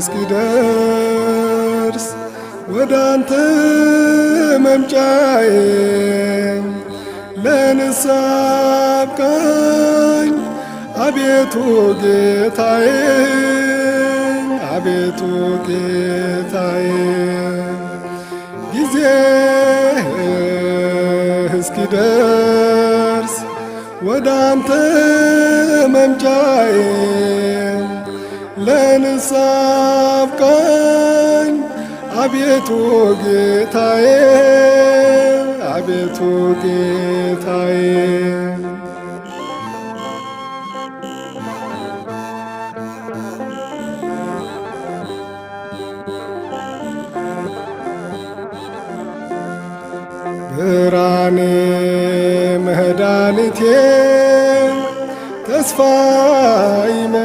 እስኪደርስ ወደ አንተ መምጫዬ ለንሳብቀኝ አቤቱ ጌታዬ አቤቱ ጌታዬ ጊዜ እስኪደርስ ወደ አንተ መምጫዬ ለንስሐ አብቃኝ አቤቱ ጌታዬ አቤቱ ጌታዬ ብርሃኔ መድኃኒቴ ተስፋዬ